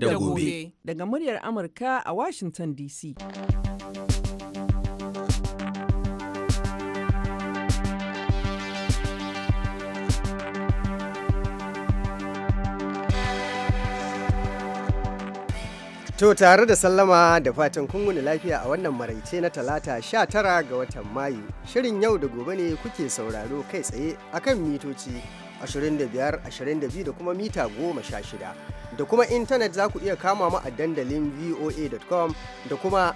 da gobe. Daga muryar Amurka a Washington DC. To tare da sallama da fatan kun lafiya a wannan maraice na talata 19 ga watan Mayu. Shirin yau da gobe ne kuke sauraro kai tsaye akan mitoci 25 22 da kuma mita 16 da kuma intanet za ku iya kama mu a dandalin voa.com da kuma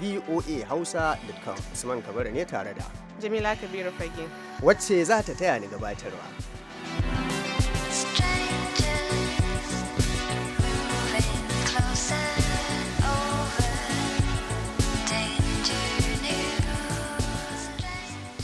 voahausa.com usman kabara ne tare da jamila kabiru fage wacce za ta taya ni gabatarwa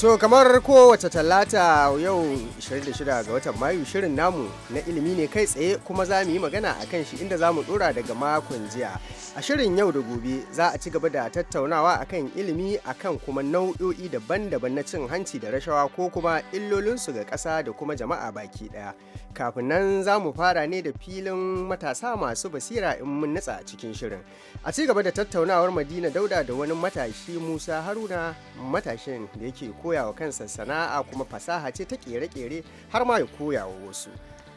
To kamar kowace talata yau 26 ga watan Mayu shirin namu na ilimi ne kai tsaye kuma za mu yi magana a kan shi inda za mu dora daga makon jiya. A shirin yau da gobe za a ci gaba da tattaunawa a kan ilimi a kan kuma nau'o'i daban-daban na cin hanci da rashawa ko kuma illolinsu ga ƙasa da kuma jama'a baki ɗaya. Kafin nan za mu fara ne da filin matasa masu basira in mun nutsa a cikin shirin. A ci gaba da tattaunawar Madina Dauda da wani matashi Musa Haruna matashin da yake koya wa kansa sana'a kuma fasaha ce ta kere-kere har ma ya koya wa wasu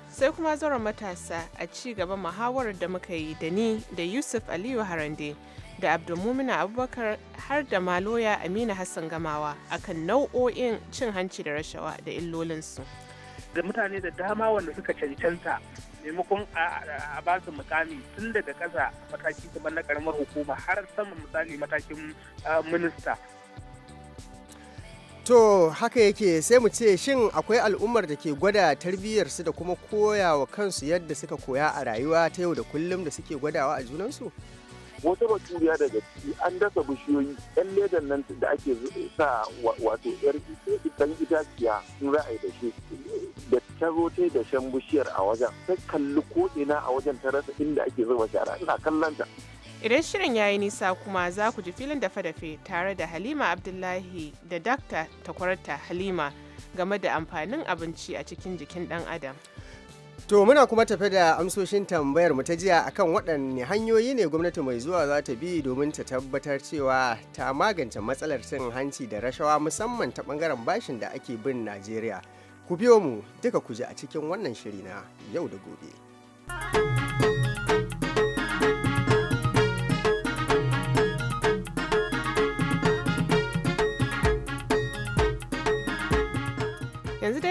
sai kuma zauren matasa a ci gaba muhawarar da muka yi da ni da yusuf aliyu harande da abdulmumina abubakar har da maloya amina hassan gamawa akan nau'o'in cin hanci da rashawa da illolinsu da mutane da dama wanda suka cancanta maimakon a ba su mukami tun daga ƙasa mataki kamar na karamar hukuma har sama misali matakin minista To haka yake sai mu ce shin akwai al'ummar da ke gwada tarbiyyarsu da kuma koya wa kansu yadda suka koya a rayuwa ta yau da kullum da suke gwadawa a junansu? Wata baturiya daga ciki an dasa bishiyoyi yan ledan nan da ake sa wato yar ɗan itaciya sun ra'ayi da shi da ta rote da shan bishiyar a wajen ta kalli ko ina a wajen ta rasa inda ake zuba shara ina kallon Idan shirin ya yi nisa kuma za ku ji filin dafe-dafe tare da Halima Abdullahi da Dakta takwarta Halima game da amfanin abinci a cikin jikin ɗan Adam. To muna kuma tafe da amsoshin tambayar mu ta jiya akan waɗanne hanyoyi ne gwamnati mai zuwa za ta bi domin ta tabbatar cewa ta magance matsalar cin hanci da rashawa musamman ta ɓangaren bashin da ake bin Najeriya. Ku biyo mu duka ku ji a cikin wannan shiri na yau da gobe.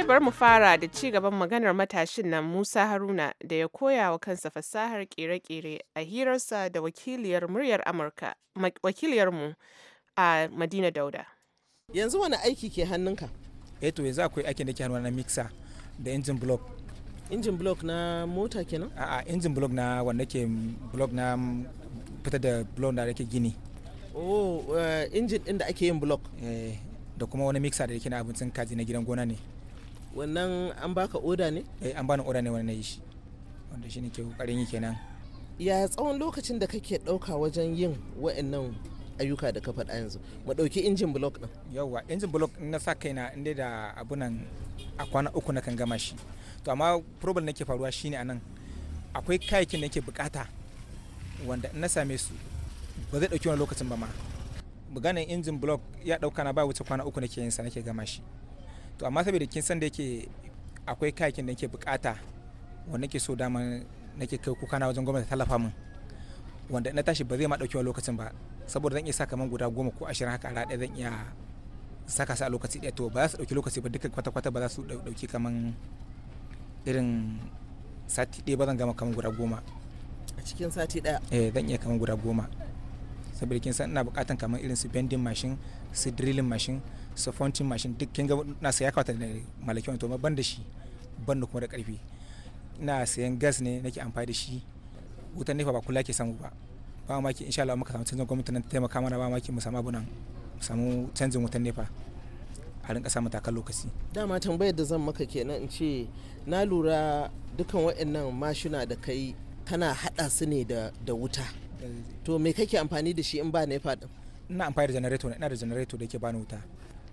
bari mu fara da ci gaban maganar matashin nan Musa Haruna da ya koya wa kansa fasahar kere-kere a hirarsa da wakiliyar muryar Amurka, wakiliyarmu a Madina Dauda. Yanzu wani aiki ke hannunka? Eh to yanzu akwai aikin da ke hannu na mixer da injin block. Injin block na mota kenan? A'a, injin block na wanda ke block na fitar da block da yake gini. Oh, eh, injin din da ake yin block. Eh, da kuma wani mixer da yake na abincin kaji na gidan gona ne. wannan an baka oda ne eh an bani oda ne wani na yi shi wanda shi ne ke kokarin yi kenan ya tsawon lokacin da kake dauka wajen yin wa'annan ayyuka da ka faɗa yanzu mu ɗauki injin block din yawwa injin block na sa kaina inda da abunan a kwana uku na kan gama shi to amma problem nake faruwa shine anan akwai kayayyakin da nake bukata wanda na same su ba zai ɗauki wani lokacin ba ma maganin injin block ya ɗauka na ba wuce kwana uku nake yin sa nake gama shi to amma saboda kin san da yake akwai kayakin da nake bukata wanda nake so dama nake kai kuka na wajen gwamnati tallafa min wanda na tashi ba zai ma wa lokacin ba saboda zan iya sa man guda goma ko ashirin haka a zan iya saka su a lokaci ɗaya to ba za su dauki lokaci ba dukkan kwata-kwata ba za su dauki kaman irin sati ɗaya ba zan gama kaman guda goma a cikin sati ɗaya eh zan iya kaman guda goma saboda kin san ina bukatan kaman irin su bending machine su drilling machine su mashin duk kin ga na saya kawata da malakin to ban da shi ban da kuma da karfi ina sayan gas ne nake amfani da shi wutan nefa ba kula ke samu ba ba ma ki insha Allah muka samu canjin gwamnati nan ta taimaka mana ba ma ki mu samu abunan mu samu canjin wutan nefa a rinka samu takar lokaci dama tambayar da zan maka kenan in ce na lura dukan waɗannan mashina da kai kana haɗa su ne da wuta eh. to me kake amfani da shi in ba nefa din ina amfani da janareto ina da generator da yake bani wuta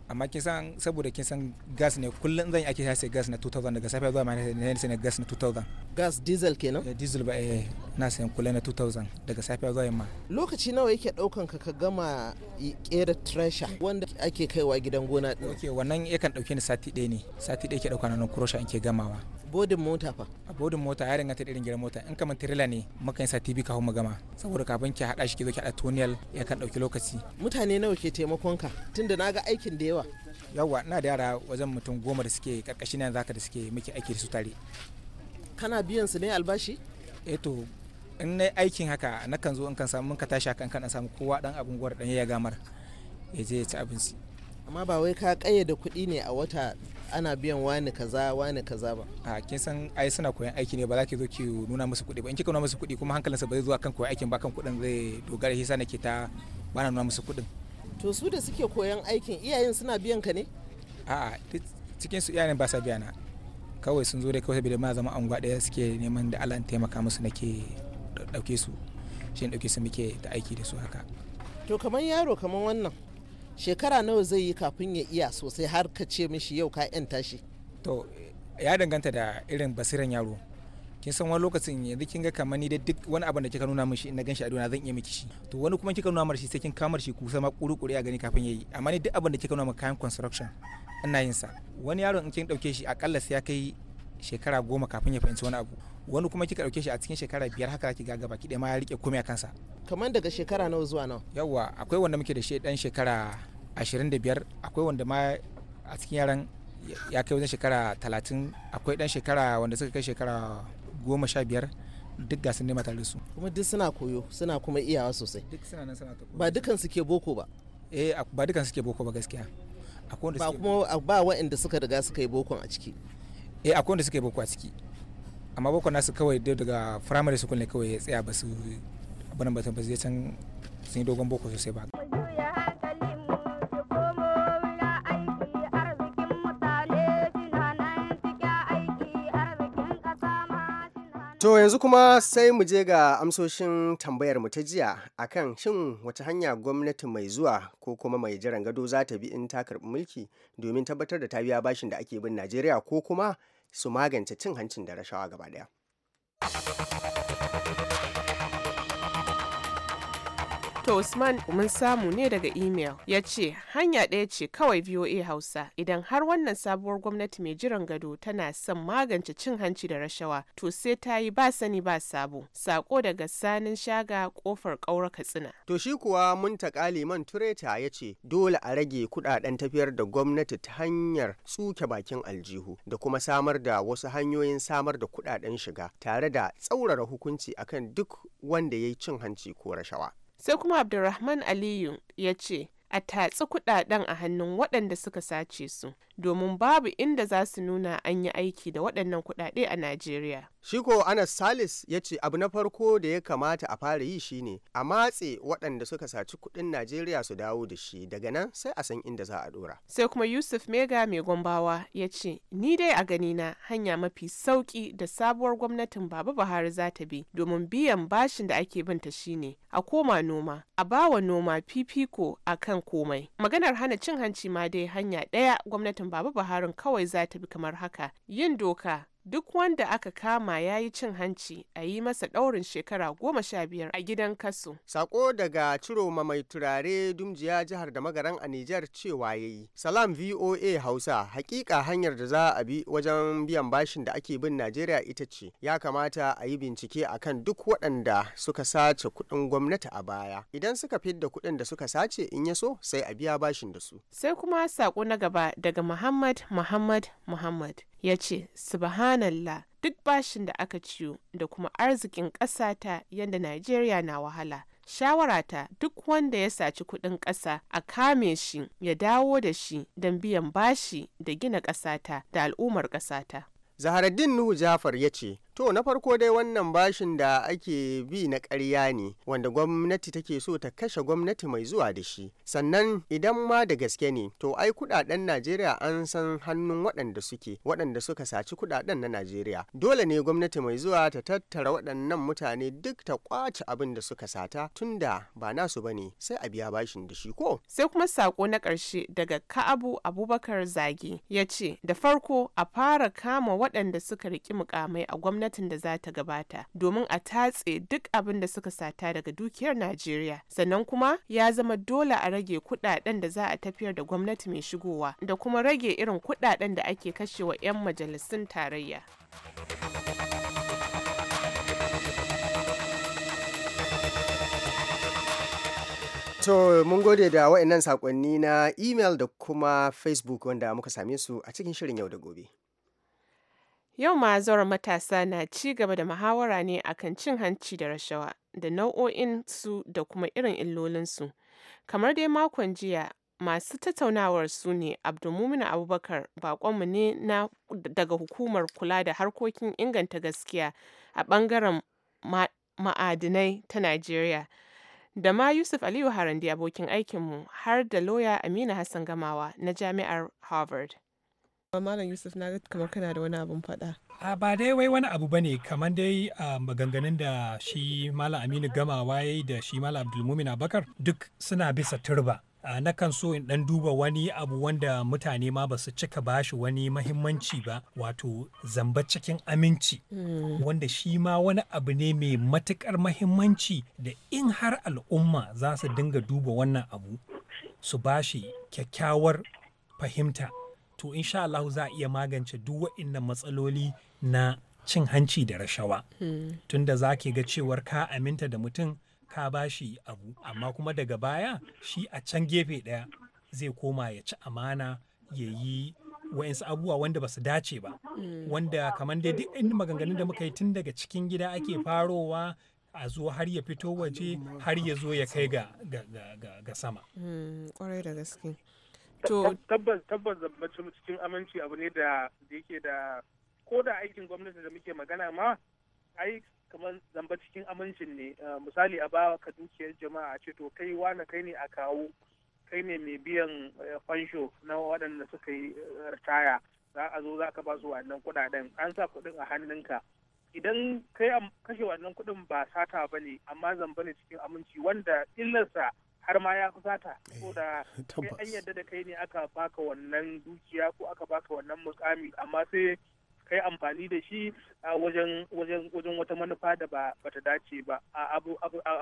amma kin san saboda kin san gas ne kullum zan yi ake sai gas na 2000 daga safiya zuwa ma sai na gas na 2000 gas diesel kenan eh, diesel ba eh na sayan kula na 2000 daga safiya zuwa yamma lokaci nawa yake daukan ka ka gama kera trasher wanda ake kaiwa gidan gona din okay wannan yakan dauke ni sati ɗaya ne sati ɗaya ke dauka nan kurosha in ke gamawa bodin mota fa a bodin mota ya ta irin gidan mota in kamar tirela ne Makan yi sati bi kafin mu gama saboda kafin ki hada shi ki zo ki hada tunnel yakan dauki lokaci mutane nawa ke taimakon ka tunda na ga aikin da yawa yawa ina da yara wajen mutum goma da suke karkashin nan zaka da suke muke aiki da su tare kana biyan su ne albashi eh to in na aikin haka na kan zo in kan samu mun ka tashi kan kan kan samu kowa dan abun gwar dan ya gamar ya je ya ci abinci amma ba wai ka da kuɗi ne a wata ana biyan wani kaza wani kaza ba a kin san ai suna koyan aiki ne ba za ki zo ki nuna musu kuɗi ba in kika nuna musu kuɗi kuma sa ba zai zo kan koyan aikin ba kan kuɗin zai dogara hisa nake ta ba na nuna musu kuɗin to su da suke koyan aikin iyayen suna biyan ka ne a'a cikin su iyayen ba sa biya na kawai sun zo dai kawai saboda ma zama anguwa ɗaya suke neman da Allah taimaka musu nake ɗauke su shi ɗauke su muke ta aiki da su haka to kamar yaro kamar wannan shekara nawa zai yi kafin ya iya sosai har ka ce mishi yau ka 'yan tashi to ya danganta da irin basiran yaro kin san wani lokacin yanzu kin ga kamar ni da duk wani abin da kika nuna min shi in na ganshi a duniya zan iya miki shi to wani kuma kika nuna mar shi sai kin kamar shi kusa ma kuri-kuri a gani kafin yayi amma ni duk abin da kika nuna min kayan construction ina yin sa wani yaron in kin dauke shi akalla sai ya kai shekara goma kafin ya fahimci wani abu wani kuma kika dauke shi a cikin shekara biyar haka ki ga baki ɗaya ma ya rike komai a kansa kamar daga shekara nawa zuwa nawa yawa akwai wanda muke da shi dan shekara ashirin da biyar akwai wanda ma a cikin yaran ya kai wajen shekara 30 akwai dan shekara wanda suka kai shekara goma sha biyar duk ga sun nema su kuma duk suna koyo suna kuma iyawa sosai duk suna nan suna ta koyo ba dukan suke boko ba eh ba dukan suke boko ba gaskiya akwai ba kuma ba waɗanda suka riga suka yi bokon a ciki eh akwai wanda suka yi boko a ciki amma boko nasu kawai daga primary school ne kawai ya tsaya ba su abin ba su je can sun yi dogon boko sosai ba To yanzu kuma sai mu je ga amsoshin tambayar mu ta jiya a kan shin wata hanya gwamnati mai zuwa ko kuma mai jiran gado za ta bi in ta karɓi mulki domin tabbatar da ta biya bashin da ake bin Najeriya ko kuma su magance cin hancin da rashawa gaba ɗaya. To Usman mun samu ne daga email ya ce hanya ɗaya ce kawai VOA Hausa idan har wannan sabuwar gwamnati mai jiran gado tana son magance cin hanci da rashawa to sai ta yi ba sani ba sabo sako daga sanin shaga kofar ƙaura katsina. To shi kuwa mun taƙa liman tureta ya ce dole a rage kuɗaɗen tafiyar da gwamnati ta hanyar tsuke bakin aljihu da kuma samar da wasu hanyoyin samar da kuɗaɗen shiga tare da tsaurara hukunci akan duk wanda ya yi cin hanci ko rashawa. sai kuma abdulrahman aliyu ya ce a tatsi kudaden a hannun waɗanda suka sace su domin babu inda za su nuna an yi aiki da waɗannan kuɗaɗe a Najeriya. Shiko Anas Salis ya ce abu na farko da ya kamata a fara yi shine a matse waɗanda suka saci kuɗin Najeriya su dawo da shi daga nan sai a san inda za a ɗora. Sai kuma Yusuf Mega mai gombawa ya ce ni dai a ganina hanya mafi sauki da sabuwar gwamnatin Baba Buhari za ta bi domin biyan bashin da ake bin binta shine a koma noma a bawa noma fifiko a kan komai. Maganar hana cin hanci ma dai hanya ɗaya gwamnatin gwamnatin Baba Buharin kawai za ta bi kamar haka, yin doka duk wanda aka kama ya yi cin hanci a yi masa ɗaurin shekara goma sha biyar a gidan kaso. Sako daga Ciroma mai turare dumjiya jihar da magaran a Nijar cewa ya yi. Salam VOA Hausa hakika hanyar da za a bi wajen biyan bashin da ake bin Najeriya ita ce ya kamata a yi bincike a kan duk waɗanda suka sace kuɗin gwamnati a baya. Idan suka fidda kuɗin da suka sace in ya so sai a biya bashin da su. Sai kuma sako na gaba daga Muhammad Muhammad Muhammad. ya ce subhanallah duk bashin da aka ciyo da kuma arzikin ƙasata yadda najeriya na wahala shawarata duk wanda ya saci kuɗin ƙasa a kame shi ya dawo da shi don biyan bashi da gina ƙasata da al'ummar ƙasata. Zaharaddin Nuhu Jafar ya ce, To na farko dai wannan bashin da ake bi na ƙarya ne wanda gwamnati take so ta kashe gwamnati mai zuwa da shi. Sannan idan ma da gaske ne to ai kudaden Najeriya an san hannun waɗanda suke waɗanda suka saci kudaden na Najeriya. Dole ne gwamnati mai zuwa ta tattara waɗannan mutane duk ta kwace abin da suka sata tunda ba nasu ba ne sai a biya bashin da shi ko. Sai kuma sako na ƙarshe daga Ka'abu Abubakar Zagi ya ce da farko a fara kama waɗanda suka riƙi mukamai a gwamnati gwamnatin da za ta gabata domin a tatse duk abin da suka sata daga dukiyar Najeriya. Sannan kuma ya zama dole a rage kudaden da za a tafiyar da gwamnati mai shigowa da kuma rage irin kudaden da ake kashewa 'yan majalisun tarayya. To mun gode da waɗannan saƙonni na email da kuma Facebook wanda muka same su a cikin shirin yau da gobe. Yau ma zauren matasa na ci gaba da muhawara ne akan cin hanci da rashawa da nau'o'in su da kuma irin illolinsu, kamar dai makon jiya masu tattaunawar su ne Abdulmumin Abubakar bakonmu ne daga Hukumar Kula da Harkokin Inganta Gaskiya a bangaren ma'adinai ta Najeriya da ma Yusuf Aliyu harandi abokin aikinmu har da lauya amina Hassan Gamawa na Jami'ar Harvard. Malam Yusuf na ga kamar kana da wani abun faɗa. A ba dai wai wani abu bane kamar dai a maganganun da shi Malam Aminu Gama waye da shi Malam Abdulmumin Abakar duk suna bisa turba. na kan so in dan duba wani abu wanda mutane ma ba su cika bashi wani mahimmanci ba wato zamba cikin aminci hmm. wanda shi ma wani abu ne mai matukar mahimmanci da in har al'umma za su dinga duba wannan abu su bashi kyakkyawar fahimta to insha Allah za a iya magance duk waɗannan matsaloli na cin hanci da rashawa tunda za ga cewar ka aminta da mutum ka ba shi abu amma kuma daga baya shi a can gefe ɗaya zai koma ya ci amana ya yi wa'insu abubuwa wanda ba su dace ba wanda kamar dai duk inda maganganun da muka yi tun daga cikin gida ake farowa a zo har ya fito waje har ya zo ya kai ga, sama. Kwarai mm, da gaske. tabbas tabbas mace cikin aminci abu ne da yake da ko da aikin gwamnati da muke magana ma ai kamar zamba cikin amincin ne eh, misali a bawa ka dukiyar jama'a a ce to kai wani kai ne a kawo kai ne mai biyan eh, fansho na waɗanda suka yi eh, ritaya za a zo za ka ba su wannan kuɗaɗen an sa kuɗin a hannunka idan kai kashe wannan kuɗin ba sata ba ne amma zamba ne cikin aminci wanda illarsa har ma ya fusata eh, da sai an yadda da kai ne aka baka wannan dukiya ko aka baka wannan mukami amma sai kai amfani da shi a wajen wajen wata manufa da ba bata dace ba abu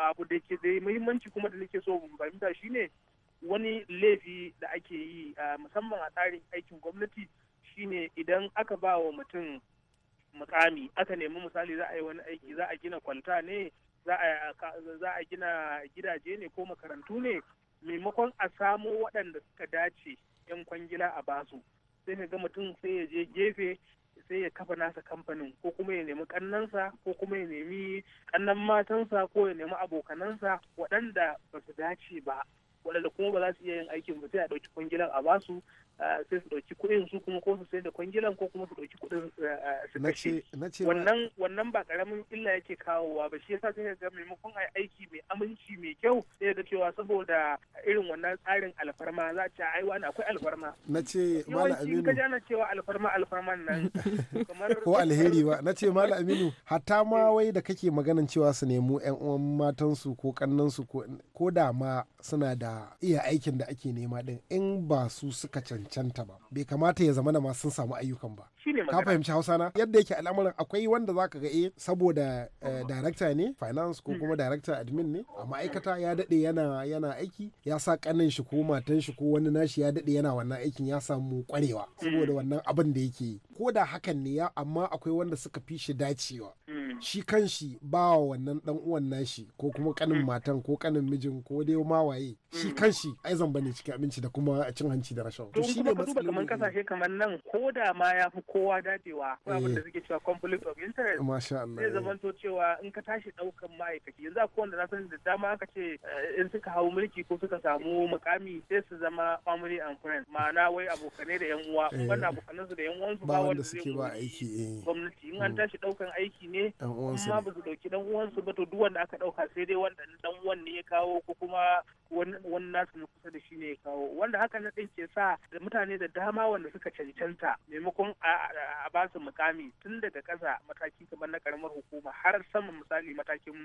abu da ke dai muhimmanci kuma da nake so fahimta shine wani laifi da ake yi musamman a tsarin aikin gwamnati shine idan aka ba wa mutum mukami aka nemi misali za a yi wani aiki za a gina kwanta ne za a gina gidaje ne ko makarantu ne maimakon a samo waɗanda suka dace 'yan kwangila a basu sai ka ga mutum sai ya je gefe sai ya kafa nasa kamfanin ko kuma ya nemi kannansa ko kuma ya nemi kannan matansa ko ya nemi abokanansa waɗanda ba su dace ba waɗanda kuma ba za su iya yin aikin ba sai a ɗauki kwangilar a basu Ah, sai su ɗauki kuɗin su kuma ko su sai da kwangilan ko kuma su ɗauki kuɗin ah, ah, su kashe wannan wannan ba karamin illa yake kawowa ba shi yasa sai ga maimakon a aiki mai aminci mai kyau sai ga cewa saboda irin wannan tsarin alfarma za ta ai wani akwai alfarma na ce mala aminu ka jana cewa alfarma alfarman nan ko alheri ba na ce mala aminu hatta ma wai da kake maganan cewa su nemi yan uwan matansu ko kannansu ko da ma suna da iya aikin da ake nema din in ba su suka cancanta ba bai kamata ya zama da ma sun samu ayyukan ba ka fahimci hausa na yadda yake al'amuran akwai wanda zaka ga eh saboda eh, director ne finance ko hmm. kuma director admin ne a ma'aikata ya dade yana yana aiki ya sa kanin shi ko matan shi ko wani nashi ya dade yana wannan aikin ya samu kwarewa hmm. saboda wannan abin da yake ko da hakan ne ya amma akwai wanda suka fi shi dacewa hmm. shi kanshi ba wa wannan dan uwan nashi ko kuma kanin matan ko kanin mijin ko dai ma waye shi kanshi ai zamba bane cikin abinci da kuma cin hanci da rashawa. To shi ne matsalolin. Kamar kasashe kamar nan ko da ma ya fi kowa dadewa ko abin da eh. suke cewa conflict of interest. Masha Allah. Zai eh. to cewa in ka tashi daukan ma'aikaci yanzu akwai wanda na san da dama aka ce eh, in suka hau mulki ko suka samu mukami sai su zama family and friends ma'ana wai abokanai da yan uwa wannan abokanan su da yan uwansu ba wanda suke ba aiki gwamnati in an mm. tashi daukan aiki ne amma ba su dauki dan uwansu ba to duk wanda aka dauka sai dai wanda dan uwan ne ya kawo ko kuma wani wani nasu na kusa da shi ne kawo wanda haka na ɗin ke sa mutane da dama wanda suka cancanta maimakon a ba su mukami tun daga ƙasa mataki kamar na karamar hukuma har sama misali matakin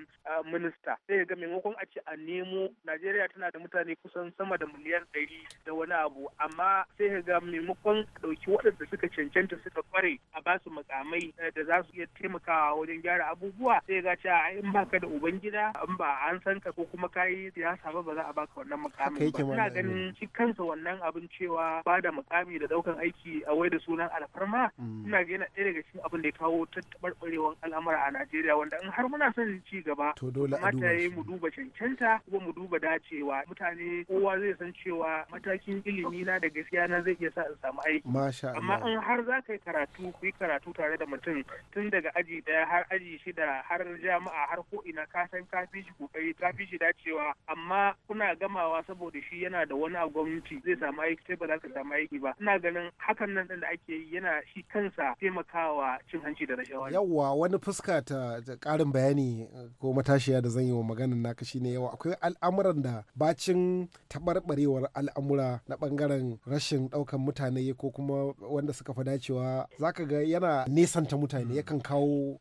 minista sai ga maimakon a ce a nemo najeriya tana da mutane kusan sama da miliyan ɗari da wani abu amma sai ga maimakon ɗauki waɗanda suka cancanta suka kware a ba su mukamai eh, da za su iya taimakawa wajen gyara abubuwa sai ga cewa in baka da ubangida in ba an san ka ko kuma kayi siyasa ba ba za a baka wannan wannan mukamin ba ina ganin shi kansa wannan abin cewa ba da mukami da daukan aiki a wai da sunan alfarma mm. ina ga yana ɗaya daga cikin abin da ya kawo tattabarbarewan al'amura a Najeriya wanda in har muna son ci gaba mata yi mu duba cancanta kuma mu duba dacewa mutane kowa zai san cewa matakin ilimi na da gaskiya na zai iya sa in samu aiki amma in har za ka yi karatu ku yi karatu tare da mutum tun daga aji daya har aji shida har jami'a har ko ina ka san ka fi shi kokari ka fi shi dacewa amma kuna gama komawa saboda shi yana da wani a gwamnati zai samu aiki sai ba za ka samu aiki ba ina ganin hakan nan da ake yi yana shi kansa taimakawa cin hanci da rashawa yawa wani fuska ta karin bayani eh, ko matashiya da zan yi wa maganar naka shine yawa akwai al'amuran da bacin tabarbarewar al'amura na bangaren rashin daukan mutane ko kuma wanda suka fi dacewa zaka ga yana nesanta mutane hmm. yakan kawo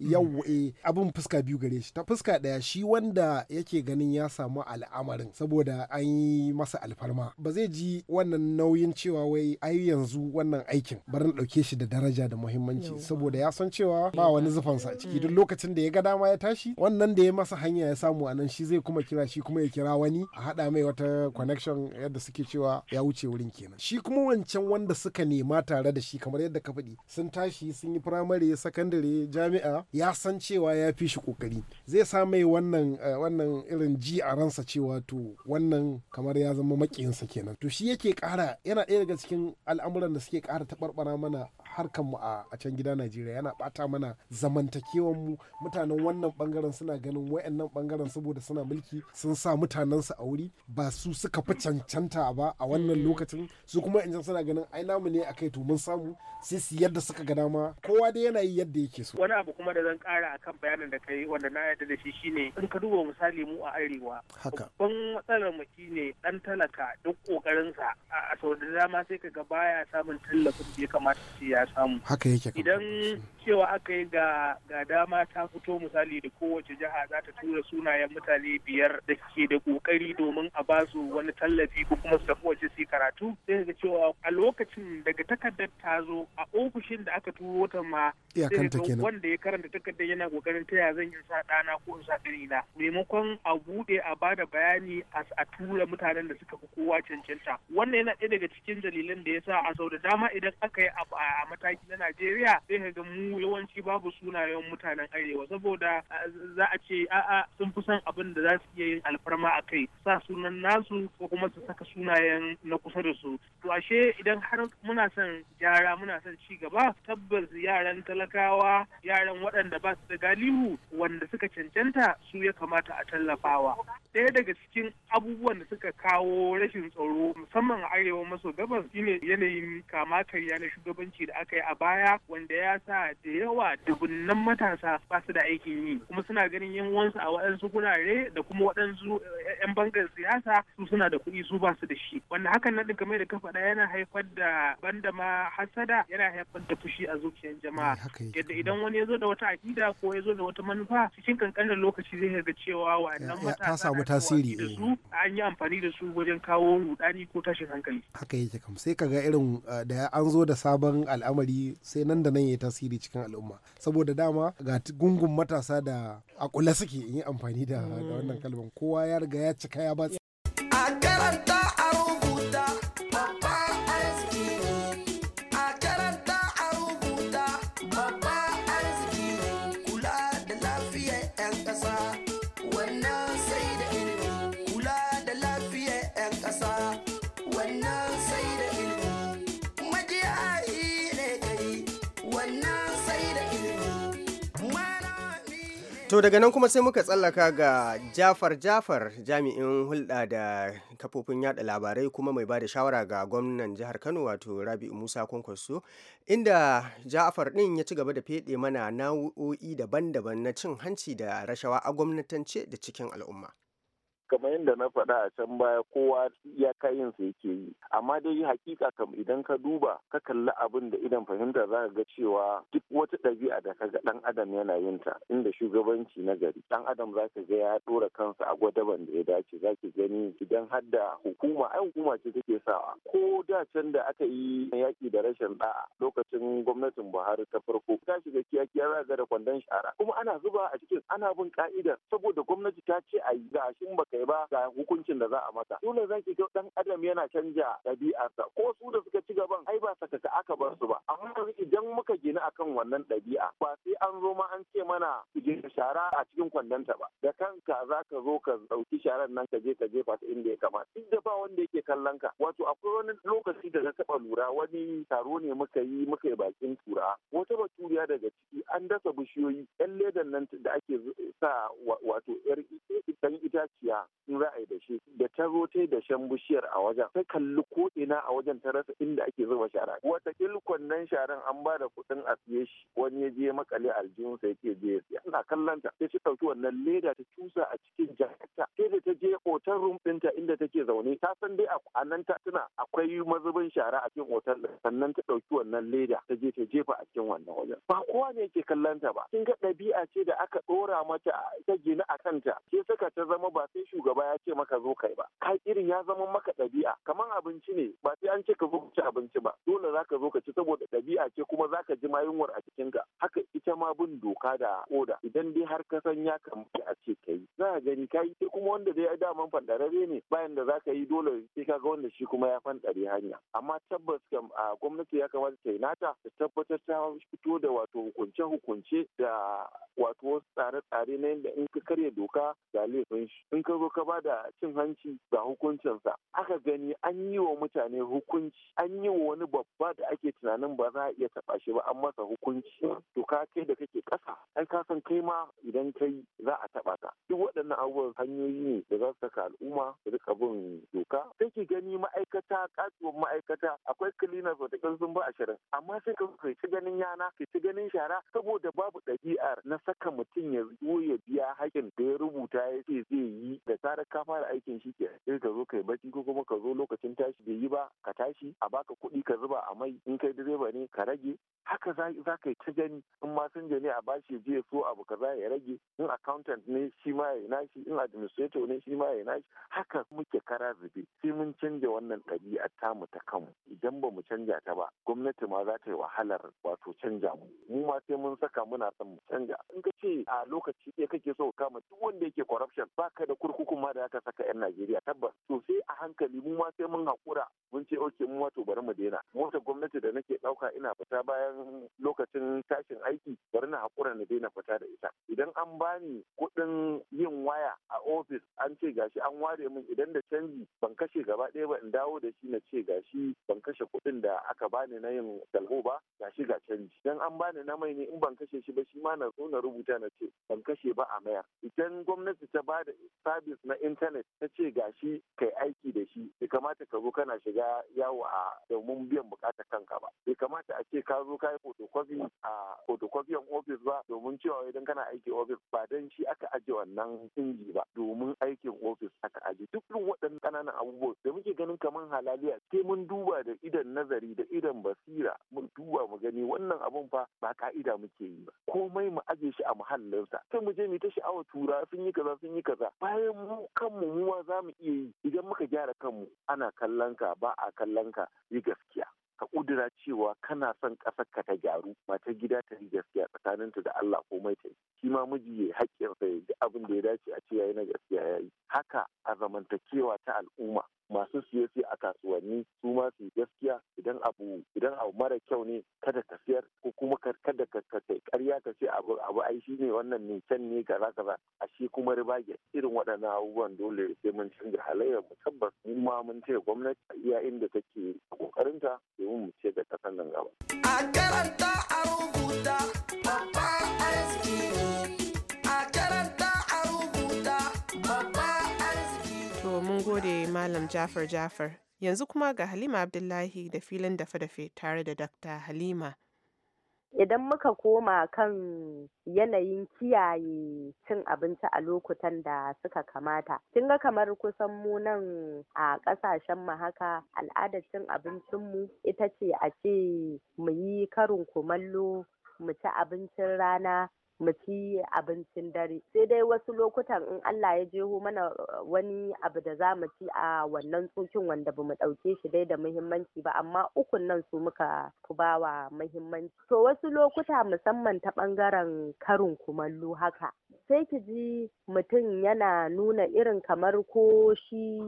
yawa eh, abin fuska biyu gare shi ta fuska daya shi wanda yake ganin ya samu al'amura al'amarin saboda an yi masa alfarma ba zai ji wannan nauyin cewa wai ai yanzu wannan aikin bari na ɗauke shi da daraja da muhimmanci saboda ya san cewa ba wani zufansa a ciki duk mm. lokacin da ya ga dama ya tashi wannan da ya masa hanya ya samu anan shi zai kuma kira shi kuma ya kira wani a haɗa mai wata connection yadda suke cewa ya wuce wurin kenan shi kuma wancan wanda suka nema tare da shi kamar yadda ka faɗi sun tashi sun yi firamare sakandare jami'a ya san cewa ya fi shi kokari zai sa mai wannan eh, wannan irin ji a ransa cewa wato wannan kamar ya zama makiyinsa kenan to shi yake ƙara yana ɗaya daga cikin al'amuran da suke kara taɓarɓara mana harkar mu a can gida Najeriya yana bata mana zamantakewan mu mutanen wannan bangaren suna ganin wayannan bangaren saboda suna mulki sun sa mutanen a wuri ba su suka fi cancanta ba a wannan mm. lokacin su kuma in suna ganin ai namu ne akai to mun samu sai su yadda suka ga dama kowa dai yana yi yadda yake so wani abu kuma da zan kara akan bayanin da kai wanda na yarda da shi shine in ka duba misali mu a arewa haka babban matsalar mu shine dan talaka duk kokarinsa a sau da dama sai kaga baya samun tallafin da ya kamata ce ya samu haka yake idan cewa aka yi ga ga dama ta fito misali da kowace jiha za ta tura sunayen mutane biyar da ke da kokari domin a ba su wani tallafi ko kuma su tafi waje su karatu sai ga cewa a lokacin daga takardar ta zo a ofishin da aka turo ta ma wanda ya karanta takardar yana kokarin taya, zan yi sa dana ko in sa na maimakon a bude a bada bayani bayani a tura mutanen da suka fi kowa cancanta wannan yana ɗaya daga cikin dalilan da ya sa a sau da dama idan aka yi abu a mataki na najeriya sai ka ga mu yawanci babu sunayen mutanen arewa saboda za a ce a'a sun fi son abin da za su iya yin alfarma a kai sa sunan nasu ko kuma su saka sunayen na kusa da su to ashe idan har muna son gyara muna son ci gaba tabbas yaran talakawa yaran waɗanda ba su da galihu wanda suka cancanta su ya kamata a tallafawa ɗaya daga cikin abubuwan da suka kawo rashin tsaro musamman a arewa maso gabas shine yanayin kama karya na shugabanci da aka yi a baya wanda ya sa da yawa dubunnan matasa ba su da aikin yi kuma suna ganin yan wansu a waɗansu gurare da kuma waɗansu eh, yan bangar siyasa su suna da kuɗi su ba su da shi wanda hakan nan kamar da ka faɗa yana haifar da banda ma hasada yana haifar da fushi a zuciyar jama'a eh, yadda idan wani ya zo da wata aƙida ko ya zo da wata manufa cikin kankanin lokaci zai ga cewa wa'annan matasa ta samu tasiri da eh. su an yi amfani da su wajen kawo rudani ko tashin hankali haka yake kam sai kaga irin ah, da an zo da sabon al'amari sai nan da nan ya tasiri cikin al'umma saboda dama ga gungun matasa da akula suke yi amfani da wannan mm. kalman kowa ya riga ya cika ya ba a karanta To daga nan kuma sai muka tsallaka ga Jafar Jafar jami'in hulɗa da kafofin yada labarai kuma mai ba da shawara ga gwamnan jihar Kano wato Rabi'u Musa Kwankwaso inda Jafar ɗin ya ci gaba da feɗe mana nau'o'i daban-daban na cin hanci da rashawa a gwamnatance da cikin al'umma. kamar yadda na faɗa a can baya kowa ya kayan sa yake yi amma dai hakika kam idan ka duba ka kalli abin da idan fahimta za ka ga cewa duk wata ɗabi'a da kaga ɗan adam yana yin ta inda shugabanci na gari ɗan adam za ka ga ya ɗora kansa a gwadaban da ya dace za ki gani idan har da hukuma ai hukuma ce take sawa ko da can da aka yi yaƙi da rashin ɗa'a lokacin gwamnatin Buhari ta farko ta shiga kiyakiya za ga da kwandon shara kuma ana zuba a cikin ana bin ka'ida saboda gwamnati ta ce a yi Gashin shin ba ga hukuncin da za a mata dole za ki ga ɗan adam yana canja ɗabi'arsa ko su da suka ci gaban ai ba sakaka aka bar su ba na akan wannan ɗabi'a ba sai an zo ma an ce mana su je shara a cikin kwandonta ba da kanka za ka zo ka ɗauki sharan nan ka je ka je inda ya kamata duk da ba wanda yake kallon ka wato akwai wani lokaci da na taɓa lura wani taro ne muka yi muka yi bakin tura wata baturiya daga ciki an dasa bishiyoyi yan ledan nan da ake sa wato yar itaciya in za a yi dashe da ta zo ta yi dashen bishiyar a wajen ta kalli ko ina a wajen ta rasa inda ake zuba shara wata nan sharan an ba da kuɗin a siye shi wani ya je makale aljihunsa yake je ya siya ina kallon ta sai ta ɗauki wannan leda ta cusa a cikin jakarta sai da ta je otal room ɗinta inda take zaune ta san dai a nan ta tuna akwai mazubin shara a cikin otal ɗin sannan ta ɗauki wannan leda ta je ta jefa a cikin wannan wajen ba kowa ne yake kallon ta ba kin ga ɗabi'a ce da aka ɗora mata ta gina a kanta sai saka ta zama ba sai shugaba ya ce maka zo kai ba kai irin ya zama maka ɗabi'a kamar abinci ne ba sai an ce ka zo ci abinci ba dole za ka zo ka ci saboda ɗabi'a ce kuma za ka ji ma yunwar a cikinka haka ita ma bin doka da oda idan dai har ka san ya kamata a ce ka yi za ka gani ka yi sai kuma wanda dai ya daman fandarare ne bayan da za ka yi dole sai ka ga wanda shi kuma ya fandare hanya amma tabbas kam a gwamnati ya kamata ta yi nata ta tabbatar ta fito da wato hukunce-hukunce da wato wasu tsare-tsare na yadda in ka karya doka ga laifin shi in ka zo ka ba ba da cin hanci ga hukuncinsa aka gani an yi wa mutane hukunci an yi wa wani babba da ake tunanin ba za a iya taɓa shi ba an masa hukunci to ka kai da kake kasa? an kasan kai ma idan kai za a taɓa ka duk waɗannan abubuwan hanyoyi ne da za su saka al'umma su rika bin doka sai ki gani ma'aikata kasuwar ma'aikata akwai cleaners wata sun ba ashirin amma sai ka kai ci ganin yana ka ci ganin shara saboda babu ɗabi'ar na saka mutum ya zo ya biya haƙin da ya rubuta ya ce zai yi da ta zarar ka fara aikin shi ke sai ka zo kai bacci ko kuma ka zo lokacin tashi bai yi ba ka tashi a baka kuɗi ka zuba a mai in kai direba ne ka rage haka za ka yi ta gani in masinja ne a bashi je so abu ka za ya rage in accountant ne shi ma ya nashi in administrator ne shi ma ya nashi haka muke kara zube sai mun canja wannan ɗabi'a tamu ta kanmu idan ba mu canja ta ba gwamnati ma za ta yi wahalar wato canja mu mu ma sai mun saka muna son mu canja in ka ce a lokaci ɗaya kake so kama duk wanda yake corruption Ba ka da kurkukun ma da aka saka 'yan Najeriya tabbas. To sai a hankali mu ma sai mun haƙura mun ce oke mu wato bari mu daina. mota gwamnati da nake ɗauka ina fita bayan lokacin tashin aiki bari na haƙura na daina fita da ita. Idan an bani kuɗin yin waya ofis an ce gashi an ware min idan da canji ban kashe gaba ɗaya ba in dawo da shi na ce gashi ban kashe kuɗin da aka bani na yin dalho ba gashi ga canji idan an bani na mai ne in ban kashe shi ba shi ma na zo na rubuta na ce ban kashe ba a mayar idan gwamnati ta bada sabis na intanet ta ce gashi kai aiki shi bai kamata ka zo kana shiga yawo a domin biyan bukatar kanka ba bai kamata a ce ka zo ka yi photocopy a photocopyan ofis ba domin cewa idan kana aiki ofis ba dan shi aka aje wannan inji ba domin aikin ofis aka aje duk waɗannan ƙananan abubuwa da muke ganin kamar halaliya sai mun duba da idan nazari da idan basira mun duba mu gani wannan abu fa ba ka'ida muke yi ba komai mu ajiye shi a muhallinsa sai mu je mu ta sha'awa tura sun yi kaza sun yi kaza bayan mu kanmu mu ma za mu iya yi idan muka gyara kanmu ana kallon ka ba a kallon ka yi gaskiya ka kudura cewa kana son ƙasar ka ta gyaru mata gida ta yi gaskiya tsakaninta da Allah komai ta yi shi ma miji ya haƙƙinsa ya ga abin da ya dace a ce yayi na gaskiya yayi haka a zamantakewa ta al'umma masu siye siye a kasuwanni su ma su gaskiya idan abu idan abu mara kyau ne kada ka siyar kada ka kai karya ka ce abu abu ai shi ne wannan ne can ne kaza kaza a shi kuma riba irin waɗannan abubuwan dole sai mun canza halayya mu tabbas mu ma mun ce gwamnati iya inda take ta domin mu ce da kasan nan gaba. A karanta a rubuta babban arziki a karanta a mun gode Malam Jafar Jafar yanzu kuma ga Halima Abdullahi da filin dafe-dafe tare da Dr. Halima. idan muka koma kan yanayin kiyaye cin abinci a lokutan da suka kamata kin ga kamar kusan mu nan a ƙasashen mu haka al'adar cin abincin mu ita ce a ce mu yi karin kumallo mu ci abincin rana mu ci abincin dare sai dai wasu lokutan in Allah ya jeho mana eh, wani abu da za mu ci a wannan tsokin wanda ba mu ɗauke shi dai da muhimmanci ba amma ukun nan su muka fi bawa muhimmanci to wasu lokuta musamman ta ɓangaren karin kumallo haka sai ki ji mutum yana nuna irin kamar ko shi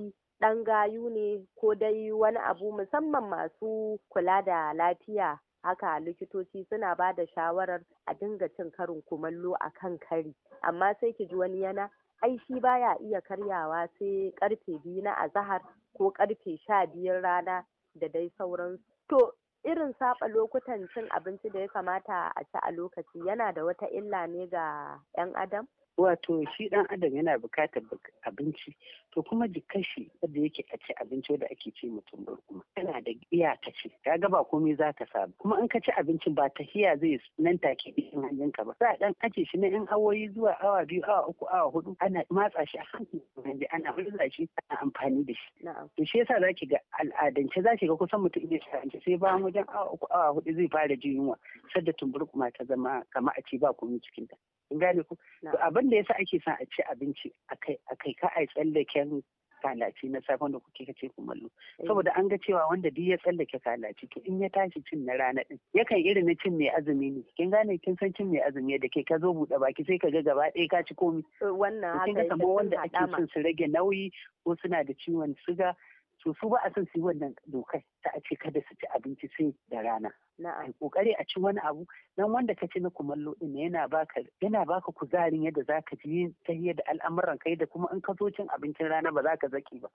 ɗan gayu ne ko dai wani abu musamman masu kula da lafiya haka likitoci suna ba da shawarar a dinga cin karin kumallo a kan kari amma sai ki ji wani yana ai shi baya iya karyawa sai karfe biyu na azahar ko karfe sha biyun rana da dai sauransu to irin saba lokutan cin abinci da ya kamata a ci a lokaci yana da wata illa ne ga 'yan adam wato shi dan adam yana bukatar abinci to kuma jikashi wanda yake a ci abinci da ake ce mutum kuma yana da iyakaci ka ga ba komai za ka samu kuma in ka ci abincin ba hiya zai nan take cikin hanyar ka ba za dan aje shi na in awoyi zuwa awa biyu awa uku awa hudu ana matsa shi a hankali ana hulza shi ana amfani da shi to shi yasa zaki ga al'adance zaki ga kusan mutum ya ci sai ba wajen awa uku awa hudu zai fara jin yunwa sadda tumburkuma ta zama kamar a ce ba komai cikin ta gane ku to abin da yasa ake son a ci abinci a kai ka a tsallaken kalaci na safen da kuke kace kumallo eh. saboda an ga cewa wanda duk ya tsallake kalaci to in ya tashi cin na rana din yakan irin na cin mai azumi ne kin gane kin san cin mai azumi da kai ka zo buɗe baki sai ka ga gaba ɗaya ka ci komi eh, wannan haka kin kamar wanda ake son su rage nauyi ko suna da ciwon suga to su ba a son su yi wannan dokar ta a ce kada su ci abinci sai da rana na a kokari a ci wani abu dan wanda ka ci na kumallo din yana baka yana baka kuzarin yadda zaka ji ta da al'amuran kai da kuma in ka zo cin abincin rana ba za ka zaki ba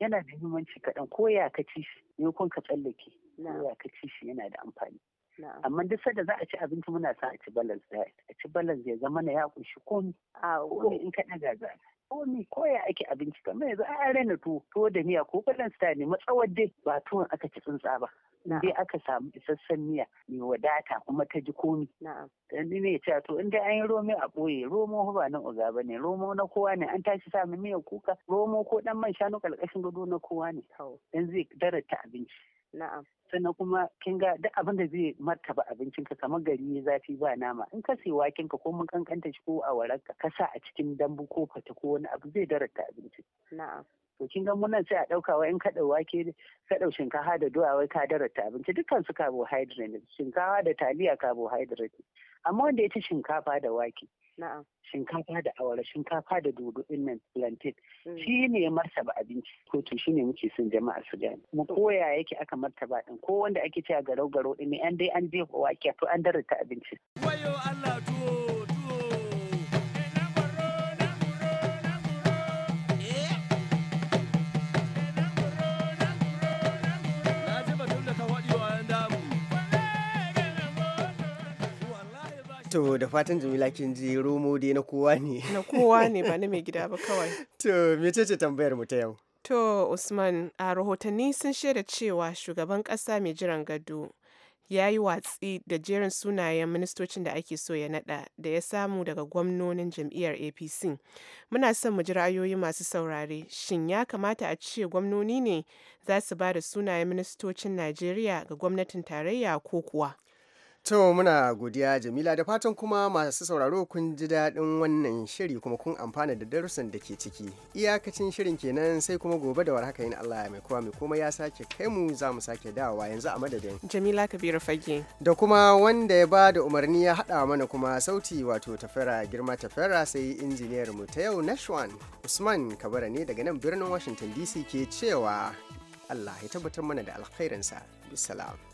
yana da muhimmanci kaɗan ko ya ka ci shi ne kun ka tsallake ya ka ci shi yana da amfani amma duk sadda za a ci abinci muna sa a ci balance diet a ci balance ya zama na ya kunshi komi a in ka daga za komi ko ya ake abinci kamar yanzu a raina tuwo tuwo da miya ko balance diet ne matsawar dai ba tuwon aka ci tsuntsa ba sai aka samu isassan miya mai wadata kuma ta ji komi ni ne cewa to in dai an yi romo a ɓoye romo ba nan uga ba ne romo na kowa ne an tashi sa miya kuka romo ko ɗan man shanu ƙarƙashin gado na kowa ne dan zai darata abinci na'am sannan kuma kin ga duk abin da zai martaba abincin ka kamar gari ne zafi ba nama in ka sai waken ka ko mun kankanta shi ko a wararka ka sa a cikin dambu ko fata ko wani abu zai darata abinci to kin ga munan sai a ɗauka wai in ka wake ka shinkafa da doya wai ka darata abinci dukkan su carbohydrate shinkafa da taliya carbohydrate amma wanda ya ci shinkafa da wake shinkafa da awara shinkafa da dodo din nan plantain mm. shine martaba abinci ko to shine muke son jama'a su gane mu koya yake aka martaba din ko wanda ake cewa garau garau din ne an dai an je wake to an darata abinci wayo Allah tuwo To da fatan Jamila kin ji romo dai na kowa ne. Na kowa ne ba na mai gida ba kawai. To mecece tambayar mu ta yau? To Usman a rahotanni sun shaida cewa shugaban kasa mai jiran gado ya yi watsi da jerin sunayen ministocin da ake so ya nada da ya samu daga gwamnonin jam'iyyar apc muna son mu ji ra'ayoyi masu saurare shin ya kamata a ce gwamnoni ne za su ba da sunayen ministocin najeriya ga gwamnatin tarayya ko kuwa To muna godiya Jamila da fatan kuma masu sauraro kun ji daɗin wannan shiri kuma kun amfana da darussan da ke ciki. Iyakacin shirin kenan sai kuma gobe da war haka yin Allah mai kowa mai kuma ya sake kai mu za mu sake dawowa yanzu a madadin. Jamila Kabiru Fage. Da kuma wanda ya ba da umarni ya haɗa mana kuma sauti wato tafera girma tafera sai injiniyar mu ta yau Nashwan Usman Kabara ne daga nan birnin Washington DC ke cewa Allah ya tabbatar mana da alkhairinsa. Bisalam.